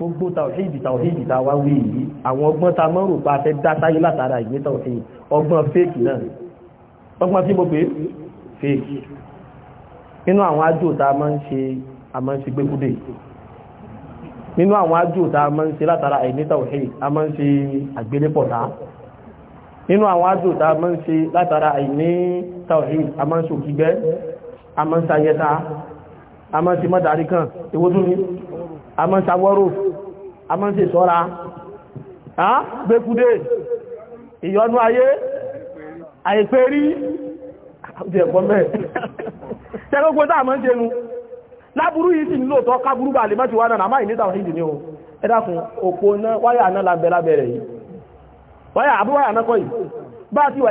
gbogbo tàwíìdì tàwíìdì tá a wá wí yìí àwọn ọgbọ́n tá a mọ́ rò pa fẹ́ dá sáyé látara ìwé tàwíìdì ọgbọ́n fèkì náà ọgbọ́n tí mo pè fèkì nínú àwọn àjò a máa ń ṣe a máa ń ṣe gbégúdé nínú àwọn àjò a máa ń ṣe látara ìwé tàwíìdì a máa ń ṣe àgbélépọ̀tá nínú àwọn àjò a máa ń ṣe látara ìwé tàwíìdì a máa ń ṣe òkígbẹ́ a máa ń ṣayẹta a ṣe mọ́dàrí a máa ń ṣawọ́rò a máa ń ṣe sọ́ra gbékúdé ìyọnú ayé àìpé rí tẹ́gbogbo tá a máa ń ṣe nu láburú yìí sì nílò tọ́ káburú bà lè mọ́ ti wá náà máa ìníta òhìdì ní o ẹ dákun òpó náà wáyà náà lábẹ́ lábẹ́ rẹ̀ yìí wáyà àbúwáyà náà kọ́ yìí bá ti wà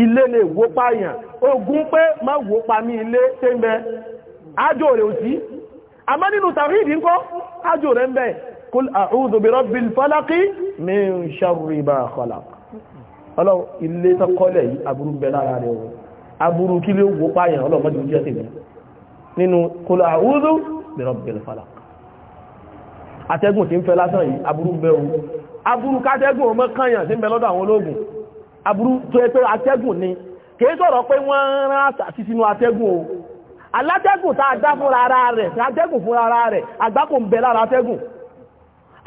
ilé lè wó pààyàn ogun pé má wó pa mí ilé tẹ́ ń bẹ ájò rẹ̀ ò sí àmọ́ nínú tàríìdì ń kọ́ ájò rẹ̀ ń bẹ kul a'udhu bi rabbil falaqi min sharri ma khalaq ọlọ́run ilé tọ́kọ́lẹ̀ yìí aburú bẹ lára rẹ̀ o aburú kí ló wó pààyàn ọlọ́run mọ́jú aburú tó yẹ pé atẹ́gùn ni kìí sọ̀rọ̀ pé wọ́n rán àṣàṣì sínú atẹ́gùn o alátẹ́gùn tá a dá fúnra ara rẹ̀ atẹ́gùn fúnra ara rẹ̀ àgbákò ń bẹ lára atẹ́gùn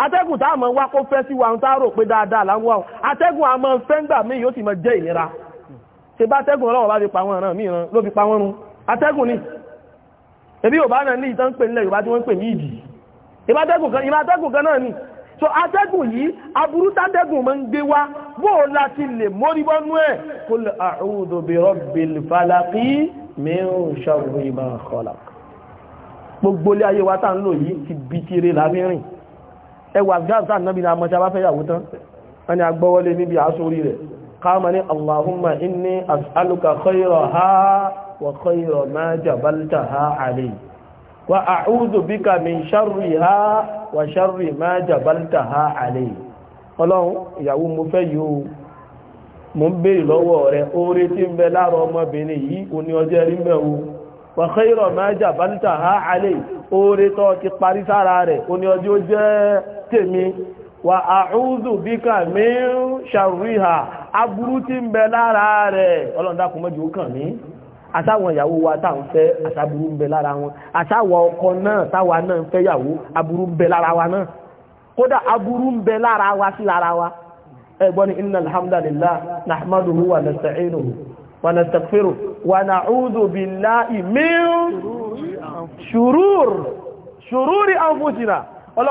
atẹ́gùn tá a mọ̀ wá kó fẹ́ sí wa ń tá a rò pé dáadáa láwọn atẹ́gùn a mọ̀ fẹ́ ń gbà mí yóò sì mọ̀ jẹ́ ìnira ṣe bá atẹ́gùn ọlọ́wọ́ bá fi pa ni ebi Yorùbá náà ní ìtàn pè nílẹ̀ Yorùbá tí wọ́n pè ní ìjì ìbátẹ́gùn kan ni so atẹ́gùn yìí aburú tátẹ́gùn máa ń gbé wá bó láti lè mórí bọ́nú ẹ̀ qul a'udhu bi rabbil falaq min sharri ma khalaq gbogbo ilé ayé wa tá ń lò yìí ti bí kiri káàmà ní allahumma inni as'aluka khayraha wa khayra ma jabaltaha alayhi wa a'udhu bika min sharriha wà ṣarri ma jabaltaha alayhi ọlọ́run ìyàwó mo fẹ́ yìí o mo ń béèrè lọ́wọ́ rẹ oore tí ń bẹ lára ọmọbìnrin yìí o ní ọjọ́ rí mẹ́ o wa khayra ma jabaltaha alayhi oore tó ti parí sára rẹ̀ o ní ọjọ́ jẹ́ tèmi wà àúzù bí kà mí ṣàríhà aburú tí ń bẹ lára rẹ̀ ọlọ́run dákun kàn mí àtàwọn ìyàwó wa tá ń fẹ́ àtàbúrú ń bẹ lára wọn àtàwọn ọkọ náà táwa náà ń fẹ́ yàwó aburú ń bẹ lára wa náà kódà aburú ń bẹ lára wa sí lára wa ẹgbọ́n ni inna alhamdulillah nahmaduhu wa wa nastaghfiruhu wa wa kúrò bí wa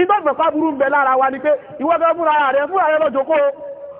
ìgbàgbẹ̀pá aburú ń bẹ lára wa ni pé ìwọ́gbẹ́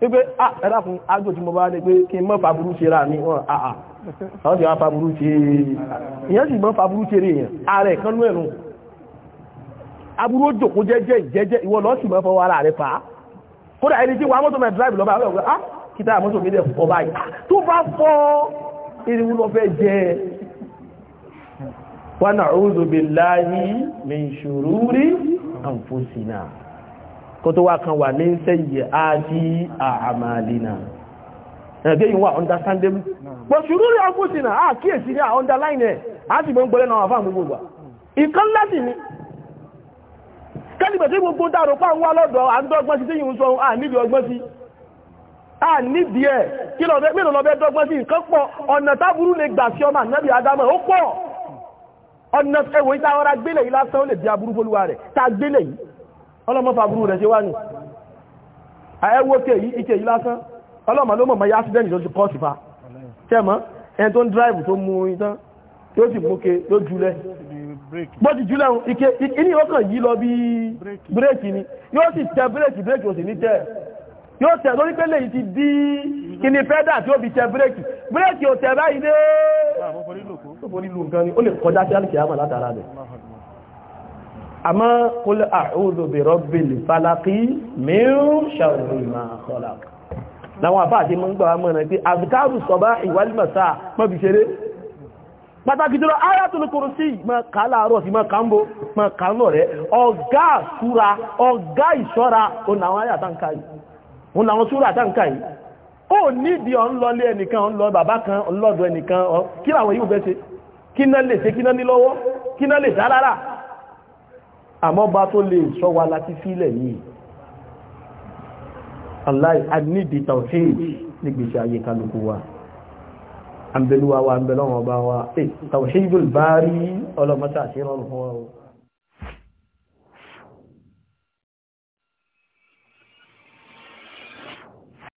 wípé ẹ̀dá fún agbó tí mo bá lè pé kí mọ́ fàbúrú ṣe rà ní wọn àà àwọn tí wọ́n fàbúrú ṣe èyàn sì mọ́ fàbúrú ṣe rè èyàn ààrẹ kan ní ẹ̀rùn aburú ó jòkó jẹ́jẹ́ ìjẹ́jẹ́ ìwọ lọ́sì mọ́ fọwọ́ ara rẹ̀ fà á kódà ẹni tí wàá mọ́tò mẹ́tìláìbì lọ́ba àwọn ọ̀gá kíta mọ́tò mi dẹ̀ fọ́ báyìí tó bá fọ́ irun lọ fẹ́ jẹ́ wa na'udhu billahi min shururi anfusina kó tó wá kan wà ní sẹ́yẹ̀ ájí àmàlìnà ẹgbẹ́ yìí wà understandable but ṣùrú rí ọkùnsìnà á kíyèsí ní underline ẹ̀ á sì mọ́ ń gbọ́lẹ́ náà àfáà gbogbo wà ìkan láti ní kẹ́lìbẹ̀ tí gbogbo dárò pa ń wá lọ́dọ̀ àndọ́gbọ́n sí tí yìí ń sọ à níbi ọgbọ́n sí à níbi ẹ̀ kí lọ́bẹ́ dọ́gbọ́n sí nǹkan pọ̀ ọ̀nà táburú lè gbà sí ọmọ ànábì adámọ̀ ọlọ́mọ fàbúrú rẹ̀ ṣe wá ní ẹwọ́kẹ̀ yìí ike yìí lásán ọlọ́mọ ló mọ̀ mọ̀ yá sídẹ́nì tó ti kọ́ sí fa tẹ́mọ́ ẹni tó ń dráìbù tó mú ìtàn tó sì mú ke tó jùlẹ̀ bó ti jùlẹ̀ ike inú yóò kàn yìí lọ bí bírèkì ni yóò sì tẹ bírèkì bírèkì ò sì ní tẹ yóò tẹ lórí pé lèyí ti dí kíní pẹ́dà tí ó fi tẹ bírèkì bírèkì ò tẹ báyìí dé ó lè àmọ́ qul a'udhu bi rabbil falaqi min sharri ma khalaq láwọn àbá àti mọ́ngbà mọ́nà pé azkaru sabahi wal masa mọ́bí ṣeré pàtàkì jùlọ ayatul kursi ma ká láàárọ̀ sí ma kàmbó ma kàánà rẹ̀ ọ̀gá súra ọ̀gá ìṣọ́ra onáwọn ayàtàǹkàyì onáwọn súra àtàǹkàyì ó nídìí ọ̀n lọlé ẹnìkan ọ̀n lọ bàbá kan ọ̀n lọ́dọ̀ ẹnìkan kí làwọn yíò bẹ́ ṣe kí ná lè ṣe kí ná ní lọ́wọ́ kí ná lè ṣe alára àmọ́ bá tó lè sọ wa láti fílẹ̀ yìí aláì àníbi tawhid nígbèsè ayé kálukú wa àmbẹ̀lúwa wa àmbẹ̀lọ́wọ̀ bá wa eh, tawhidul bari ọlọ́mọ́sà sí rọrùn fún wa o